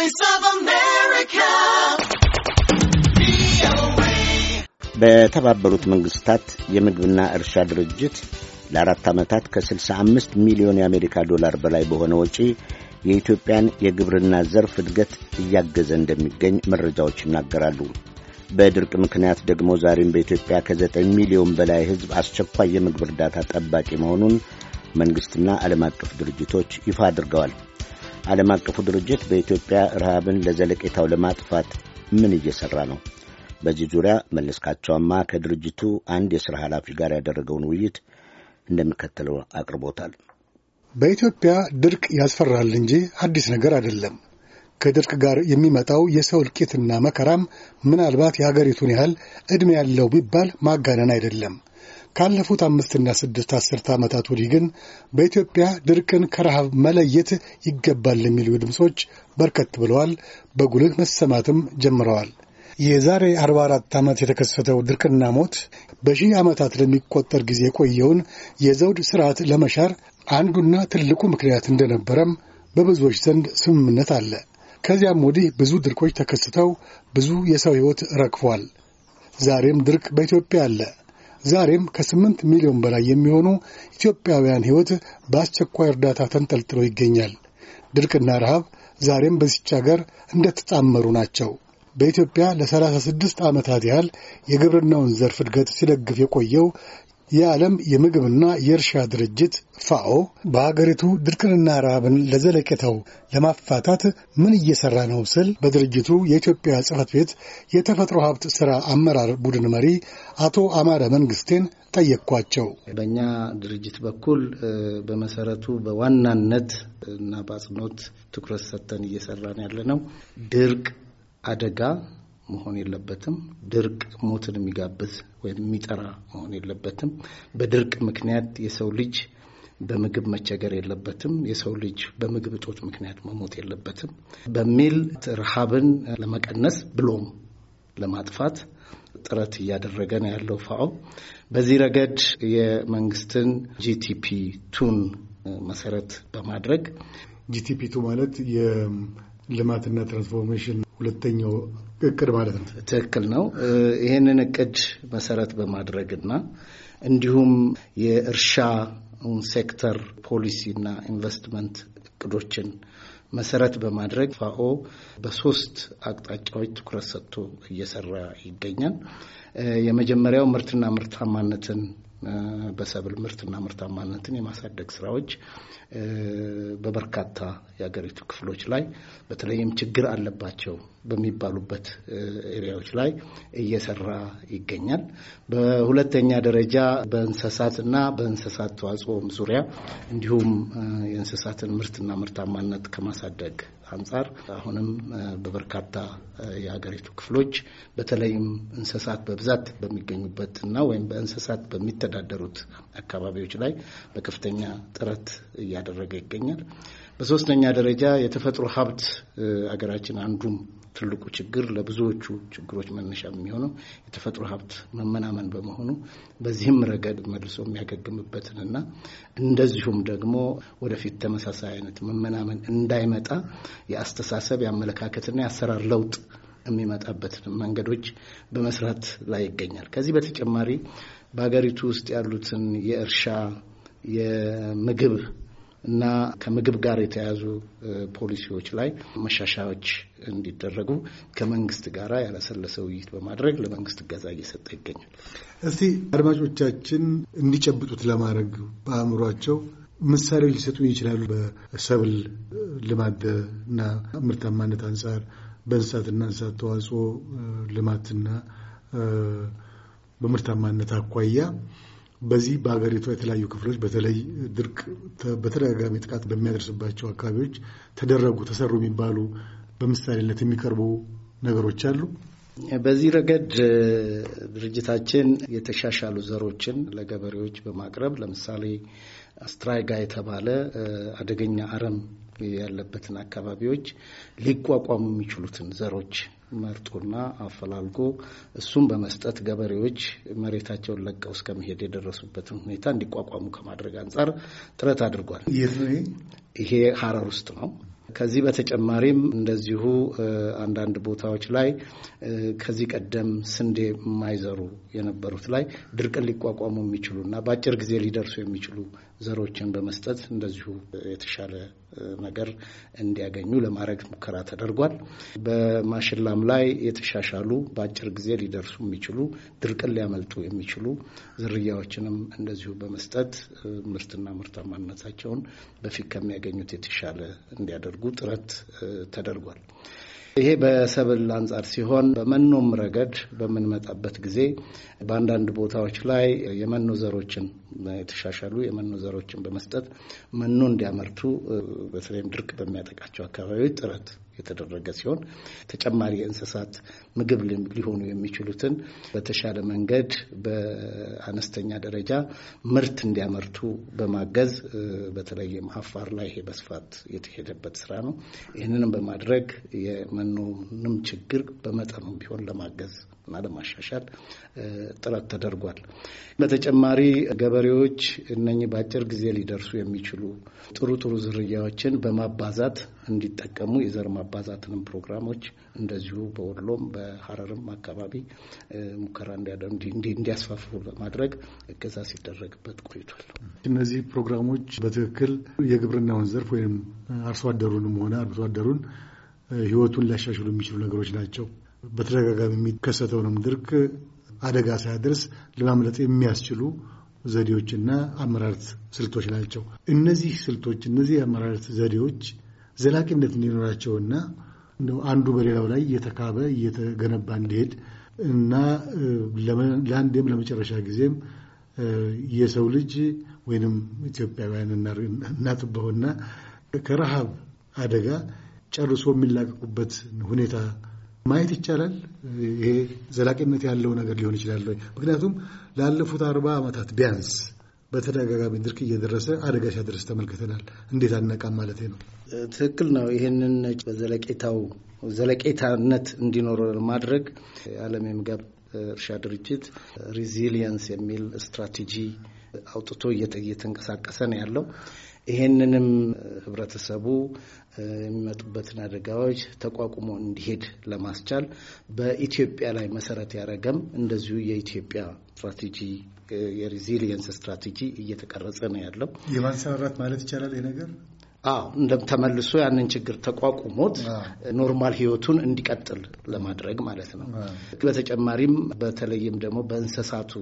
Voice of America. በተባበሩት መንግስታት የምግብና እርሻ ድርጅት ለአራት ዓመታት ከ65 ሚሊዮን የአሜሪካ ዶላር በላይ በሆነ ወጪ የኢትዮጵያን የግብርና ዘርፍ እድገት እያገዘ እንደሚገኝ መረጃዎች ይናገራሉ። በድርቅ ምክንያት ደግሞ ዛሬም በኢትዮጵያ ከ9 ሚሊዮን በላይ ሕዝብ አስቸኳይ የምግብ እርዳታ ጠባቂ መሆኑን መንግሥትና ዓለም አቀፍ ድርጅቶች ይፋ አድርገዋል። ዓለም አቀፉ ድርጅት በኢትዮጵያ ረሃብን ለዘለቄታው ለማጥፋት ምን እየሠራ ነው? በዚህ ዙሪያ መለስካቸዋማ ከድርጅቱ አንድ የሥራ ኃላፊ ጋር ያደረገውን ውይይት እንደሚከተለው አቅርቦታል። በኢትዮጵያ ድርቅ ያስፈራል እንጂ አዲስ ነገር አይደለም። ከድርቅ ጋር የሚመጣው የሰው እልቂትና መከራም ምናልባት የሀገሪቱን ያህል ዕድሜ ያለው ቢባል ማጋነን አይደለም። ካለፉት አምስትና ስድስት አስርተ ዓመታት ወዲህ ግን በኢትዮጵያ ድርቅን ከረሃብ መለየት ይገባል የሚሉ ድምፆች በርከት ብለዋል፣ በጉልህ መሰማትም ጀምረዋል። የዛሬ 44 ዓመት የተከሰተው ድርቅና ሞት በሺህ ዓመታት ለሚቆጠር ጊዜ የቆየውን የዘውድ ስርዓት ለመሻር አንዱና ትልቁ ምክንያት እንደነበረም በብዙዎች ዘንድ ስምምነት አለ። ከዚያም ወዲህ ብዙ ድርቆች ተከስተው ብዙ የሰው ሕይወት ረግፏል። ዛሬም ድርቅ በኢትዮጵያ አለ። ዛሬም ከስምንት ሚሊዮን በላይ የሚሆኑ ኢትዮጵያውያን ሕይወት በአስቸኳይ እርዳታ ተንጠልጥሎ ይገኛል። ድርቅና ረሃብ ዛሬም በዚች አገር እንደተጣመሩ ናቸው። በኢትዮጵያ ለ36 ዓመታት ያህል የግብርናውን ዘርፍ እድገት ሲደግፍ የቆየው የዓለም የምግብና የእርሻ ድርጅት ፋኦ በሀገሪቱ ድርቅንና ረሃብን ለዘለቄታው ለማፋታት ምን እየሰራ ነው ስል በድርጅቱ የኢትዮጵያ ጽህፈት ቤት የተፈጥሮ ሀብት ሥራ አመራር ቡድን መሪ አቶ አማረ መንግስቴን ጠየቅኳቸው። በእኛ ድርጅት በኩል በመሰረቱ በዋናነት እና በአጽንኦት ትኩረት ሰጥተን እየሰራን ያለ ነው ድርቅ አደጋ መሆን የለበትም። ድርቅ ሞትን የሚጋብዝ ወይም የሚጠራ መሆን የለበትም። በድርቅ ምክንያት የሰው ልጅ በምግብ መቸገር የለበትም። የሰው ልጅ በምግብ እጦት ምክንያት መሞት የለበትም በሚል ረሃብን ለመቀነስ ብሎም ለማጥፋት ጥረት እያደረገ ነው ያለው ፋኦ። በዚህ ረገድ የመንግስትን ጂቲፒ ቱን መሰረት በማድረግ ጂቲፒ ቱ ማለት የልማትና ትራንስፎርሜሽን ሁለተኛው እቅድ ማለት ነው። ትክክል ነው። ይህንን እቅድ መሰረት በማድረግና እንዲሁም የእርሻ ሴክተር ፖሊሲና ኢንቨስትመንት እቅዶችን መሰረት በማድረግ ፋኦ በሶስት አቅጣጫዎች ትኩረት ሰጥቶ እየሰራ ይገኛል። የመጀመሪያው ምርትና ምርታማነትን በሰብል ምርትና ምርታማነትን የማሳደግ ስራዎች በበርካታ የሀገሪቱ ክፍሎች ላይ በተለይም ችግር አለባቸው በሚባሉበት ኤሪያዎች ላይ እየሰራ ይገኛል። በሁለተኛ ደረጃ በእንስሳትና በእንስሳት ተዋጽኦም ዙሪያ እንዲሁም የእንስሳትን ምርትና ምርታማነት ከማሳደግ አንጻር አሁንም በበርካታ የሀገሪቱ ክፍሎች በተለይም እንስሳት በብዛት በሚገኙበትና ወይም በእንስሳት በሚተዳደሩት አካባቢዎች ላይ በከፍተኛ ጥረት እያደረገ ይገኛል። በሶስተኛ ደረጃ የተፈጥሮ ሀብት አገራችን አንዱም ትልቁ ችግር ለብዙዎቹ ችግሮች መነሻ የሚሆነው የተፈጥሮ ሀብት መመናመን በመሆኑ በዚህም ረገድ መልሶ የሚያገግምበትንና እንደዚሁም ደግሞ ወደፊት ተመሳሳይ አይነት መመናመን እንዳይመጣ የአስተሳሰብ የአመለካከትና የአሰራር ለውጥ የሚመጣበትን መንገዶች በመስራት ላይ ይገኛል። ከዚህ በተጨማሪ በሀገሪቱ ውስጥ ያሉትን የእርሻ የምግብ እና ከምግብ ጋር የተያያዙ ፖሊሲዎች ላይ መሻሻዎች እንዲደረጉ ከመንግስት ጋር ያለሰለሰ ውይይት በማድረግ ለመንግስት እገዛ እየሰጠ ይገኛል። እስቲ አድማጮቻችን እንዲጨብጡት ለማድረግ በአእምሯቸው ምሳሌዎች ሊሰጡ ይችላሉ። በሰብል ልማት እና ምርታማነት አንጻር በእንስሳትና እንስሳት ተዋጽኦ ልማትና በምርታማነት አኳያ በዚህ በሀገሪቷ የተለያዩ ክፍሎች በተለይ ድርቅ በተደጋጋሚ ጥቃት በሚያደርስባቸው አካባቢዎች ተደረጉ ተሰሩ የሚባሉ በምሳሌነት የሚቀርቡ ነገሮች አሉ። በዚህ ረገድ ድርጅታችን የተሻሻሉ ዘሮችን ለገበሬዎች በማቅረብ ለምሳሌ አስትራይጋ የተባለ አደገኛ አረም ያለበትን አካባቢዎች ሊቋቋሙ የሚችሉትን ዘሮች መርጦና አፈላልጎ እሱን በመስጠት ገበሬዎች መሬታቸውን ለቀው እስከመሄድ የደረሱበትን ሁኔታ እንዲቋቋሙ ከማድረግ አንጻር ጥረት አድርጓል። ይሄ ሀረር ውስጥ ነው። ከዚህ በተጨማሪም እንደዚሁ አንዳንድ ቦታዎች ላይ ከዚህ ቀደም ስንዴ የማይዘሩ የነበሩት ላይ ድርቅን ሊቋቋሙ የሚችሉ እና በአጭር ጊዜ ሊደርሱ የሚችሉ ዘሮችን በመስጠት እንደዚሁ የተሻለ ነገር እንዲያገኙ ለማድረግ ሙከራ ተደርጓል። በማሽላም ላይ የተሻሻሉ በአጭር ጊዜ ሊደርሱ የሚችሉ ድርቅን ሊያመልጡ የሚችሉ ዝርያዎችንም እንደዚሁ በመስጠት ምርትና ምርታማነታቸውን በፊት ከሚያገኙት የተሻለ እንዲያደርጉ ጥረት ተደርጓል። ይሄ በሰብል አንጻር ሲሆን በመኖም ረገድ በምንመጣበት ጊዜ በአንዳንድ ቦታዎች ላይ የመኖ ዘሮችን የተሻሻሉ የመኖ ዘሮችን በመስጠት መኖ እንዲያመርቱ በተለይም ድርቅ በሚያጠቃቸው አካባቢዎች ጥረት የተደረገ ሲሆን ተጨማሪ እንስሳት ምግብ ሊሆኑ የሚችሉትን በተሻለ መንገድ በአነስተኛ ደረጃ ምርት እንዲያመርቱ በማገዝ በተለይም አፋር ላይ ይሄ በስፋት የተሄደበት ስራ ነው። ይህንንም በማድረግ የመኖንም ችግር በመጠኑም ቢሆን ለማገዝ እና ለማሻሻል ጥረት ተደርጓል። በተጨማሪ ገበሬዎች እነኚህ በአጭር ጊዜ ሊደርሱ የሚችሉ ጥሩ ጥሩ ዝርያዎችን በማባዛት እንዲጠቀሙ የዘር የማባዛትንም ፕሮግራሞች እንደዚሁ በወሎም በሀረርም አካባቢ ሙከራ እንዲያስፋፉ በማድረግ እገዛ ሲደረግበት ቆይቷል። እነዚህ ፕሮግራሞች በትክክል የግብርናውን ዘርፍ ወይም አርሶ አደሩንም ሆነ አርብቶ አደሩን ህይወቱን ሊያሻሽሉ የሚችሉ ነገሮች ናቸው። በተደጋጋሚ የሚከሰተውንም ድርቅ አደጋ ሳያደርስ ለማምለጥ የሚያስችሉ ዘዴዎችና አመራረት ስልቶች ናቸው። እነዚህ ስልቶች እነዚህ አመራረት ዘዴዎች ዘላቂነት እንዲኖራቸውና አንዱ በሌላው ላይ እየተካበ እየተገነባ እንዲሄድ እና ለአንዴም ለመጨረሻ ጊዜም የሰው ልጅ ወይንም ኢትዮጵያውያን እናጥበውና ከረሃብ አደጋ ጨርሶ የሚላቀቁበት ሁኔታ ማየት ይቻላል። ይሄ ዘላቂነት ያለው ነገር ሊሆን ይችላል። ምክንያቱም ላለፉት አርባ ዓመታት ቢያንስ በተደጋጋሚ ድርቅ እየደረሰ አደጋ ሲያደርስ ተመልክተናል። እንዴት አነቃም ማለት ነው። ትክክል ነው። ይህንን በዘለቄታው ዘለቄታነት እንዲኖረው ለማድረግ የዓለም የምግብ እርሻ ድርጅት ሪዚሊየንስ የሚል ስትራቴጂ አውጥቶ እየተንቀሳቀሰ ነው ያለው። ይሄንንም ህብረተሰቡ የሚመጡበትን አደጋዎች ተቋቁሞ እንዲሄድ ለማስቻል በኢትዮጵያ ላይ መሰረት ያደረገም እንደዚሁ የኢትዮጵያ ስትራቴጂ የሪዚሊየንስ ስትራቴጂ እየተቀረጸ ነው ያለው። የማንሰራራት ማለት ይቻላል ይህ ነገር አዎ እንደም ተመልሶ ያንን ችግር ተቋቁሞት ኖርማል ህይወቱን እንዲቀጥል ለማድረግ ማለት ነው። በተጨማሪም በተለይም ደግሞ በእንስሳቱ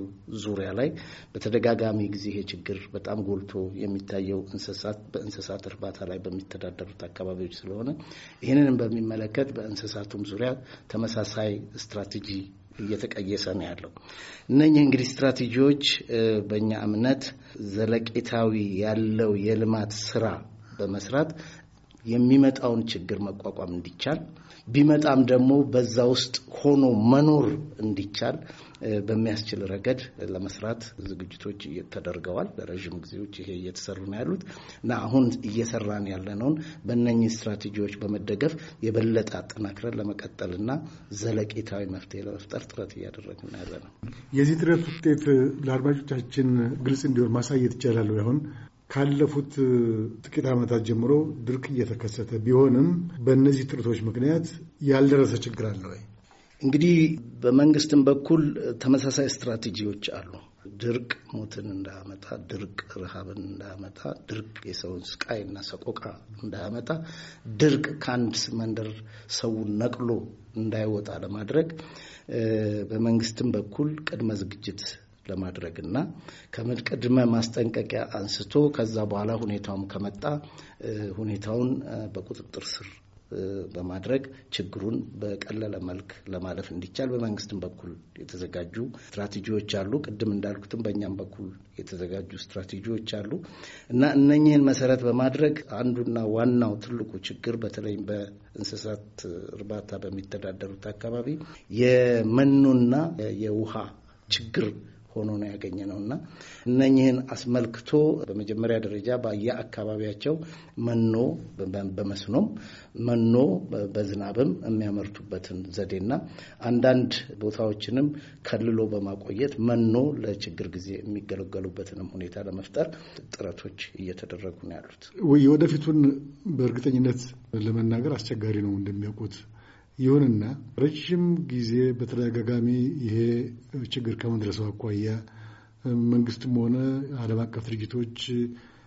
ዙሪያ ላይ በተደጋጋሚ ጊዜ ይሄ ችግር በጣም ጎልቶ የሚታየው እንስሳት በእንስሳት እርባታ ላይ በሚተዳደሩት አካባቢዎች ስለሆነ ይህንንም በሚመለከት በእንስሳቱም ዙሪያ ተመሳሳይ ስትራቴጂ እየተቀየሰ ነው ያለው። እነኚህ እንግዲህ ስትራቴጂዎች በእኛ እምነት ዘለቄታዊ ያለው የልማት ስራ በመስራት የሚመጣውን ችግር መቋቋም እንዲቻል ቢመጣም ደግሞ በዛ ውስጥ ሆኖ መኖር እንዲቻል በሚያስችል ረገድ ለመስራት ዝግጅቶች ተደርገዋል። በረዥም ጊዜዎች ይሄ እየተሰሩ ነው ያሉት እና አሁን እየሰራን ያለነውን በእነኚህ ስትራቴጂዎች በመደገፍ የበለጠ አጠናክረን ለመቀጠልና ዘለቄታዊ መፍትሄ ለመፍጠር ጥረት እያደረግን ያለ ነው። የዚህ ጥረት ውጤት ለአድማጮቻችን ግልጽ እንዲሆን ማሳየት ይቻላሉ። አሁን ካለፉት ጥቂት ዓመታት ጀምሮ ድርቅ እየተከሰተ ቢሆንም በእነዚህ ጥረቶች ምክንያት ያልደረሰ ችግር አለ ወይ? እንግዲህ በመንግስትም በኩል ተመሳሳይ ስትራቴጂዎች አሉ። ድርቅ ሞትን እንዳያመጣ፣ ድርቅ ረሃብን እንዳያመጣ፣ ድርቅ የሰውን እና ሰቆቃ እንዳያመጣ፣ ድርቅ ከአንድ መንደር ሰውን ነቅሎ እንዳይወጣ ለማድረግ በመንግስትም በኩል ቅድመ ዝግጅት ለማድረግ እና ከቅድመ ማስጠንቀቂያ አንስቶ ከዛ በኋላ ሁኔታውም ከመጣ ሁኔታውን በቁጥጥር ስር በማድረግ ችግሩን በቀለለ መልክ ለማለፍ እንዲቻል በመንግስትም በኩል የተዘጋጁ ስትራቴጂዎች አሉ። ቅድም እንዳልኩትም በእኛም በኩል የተዘጋጁ ስትራቴጂዎች አሉ እና እነኚህን መሰረት በማድረግ አንዱና ዋናው ትልቁ ችግር በተለይም በእንስሳት እርባታ በሚተዳደሩት አካባቢ የመኖና የውሃ ችግር ሆኖ ነው ያገኘ ነው እና እነኝህን አስመልክቶ በመጀመሪያ ደረጃ በየአካባቢያቸው መኖ በመስኖም መኖ በዝናብም የሚያመርቱበትን ዘዴና አንዳንድ ቦታዎችንም ከልሎ በማቆየት መኖ ለችግር ጊዜ የሚገለገሉበትንም ሁኔታ ለመፍጠር ጥረቶች እየተደረጉ ነው ያሉት። ወደፊቱን በእርግጠኝነት ለመናገር አስቸጋሪ ነው እንደሚያውቁት ይሁንና ረዥም ጊዜ በተደጋጋሚ ይሄ ችግር ከመድረሰው አኳያ መንግስትም ሆነ ዓለም አቀፍ ድርጅቶች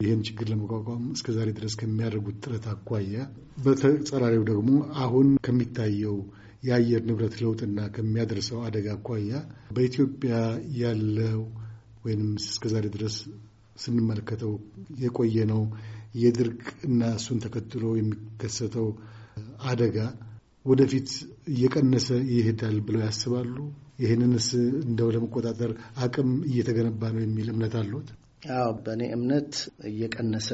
ይህን ችግር ለመቋቋም እስከዛሬ ድረስ ከሚያደርጉት ጥረት አኳያ በተጸራሪው ደግሞ አሁን ከሚታየው የአየር ንብረት ለውጥና ከሚያደርሰው አደጋ አኳያ በኢትዮጵያ ያለው ወይም እስከዛሬ ድረስ ስንመለከተው የቆየ ነው የድርቅ እና እሱን ተከትሎ የሚከሰተው አደጋ ወደፊት እየቀነሰ ይሄዳል ብለው ያስባሉ? ይህንንስ እንደው ለመቆጣጠር አቅም እየተገነባ ነው የሚል እምነት አለት? አዎ በእኔ እምነት እየቀነሰ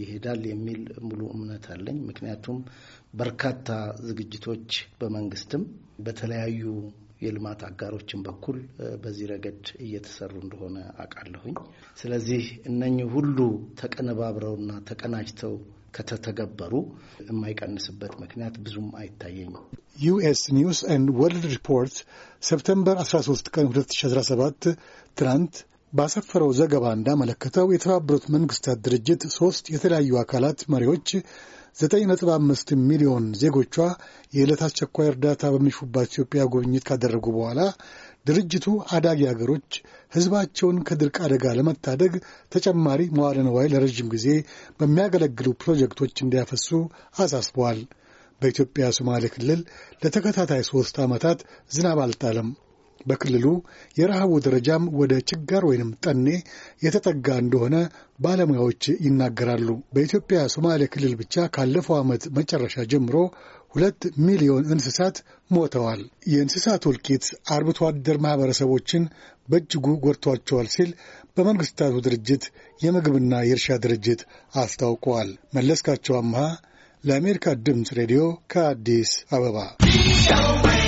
ይሄዳል የሚል ሙሉ እምነት አለኝ። ምክንያቱም በርካታ ዝግጅቶች በመንግስትም በተለያዩ የልማት አጋሮችን በኩል በዚህ ረገድ እየተሰሩ እንደሆነ አውቃለሁኝ። ስለዚህ እነኚህ ሁሉ ተቀነባብረውና ተቀናጅተው ከተተገበሩ የማይቀንስበት ምክንያት ብዙም አይታየኝም። ዩኤስ ኒውስ ኤንድ ወርልድ ሪፖርት ሰፕተምበር 13 ቀን 2017 ትናንት ባሰፈረው ዘገባ እንዳመለከተው የተባበሩት መንግስታት ድርጅት ሦስት የተለያዩ አካላት መሪዎች 9.5 ሚሊዮን ዜጎቿ የዕለት አስቸኳይ እርዳታ በሚሹባት ኢትዮጵያ ጉብኝት ካደረጉ በኋላ ድርጅቱ አዳጊ አገሮች ሕዝባቸውን ከድርቅ አደጋ ለመታደግ ተጨማሪ መዋለ ንዋይ ለረዥም ጊዜ በሚያገለግሉ ፕሮጀክቶች እንዲያፈሱ አሳስበዋል። በኢትዮጵያ ሶማሌ ክልል ለተከታታይ ሦስት ዓመታት ዝናብ አልጣለም። በክልሉ የረሃቡ ደረጃም ወደ ችጋር ወይንም ጠኔ የተጠጋ እንደሆነ ባለሙያዎች ይናገራሉ። በኢትዮጵያ ሶማሌ ክልል ብቻ ካለፈው ዓመት መጨረሻ ጀምሮ ሁለት ሚሊዮን እንስሳት ሞተዋል። የእንስሳት ውልቂት አርብቶ አደር ማኅበረሰቦችን በእጅጉ ጎድቷቸዋል ሲል በመንግሥታቱ ድርጅት የምግብና የእርሻ ድርጅት አስታውቀዋል። መለስካቸው አምሃ ለአሜሪካ ድምፅ ሬዲዮ ከአዲስ አበባ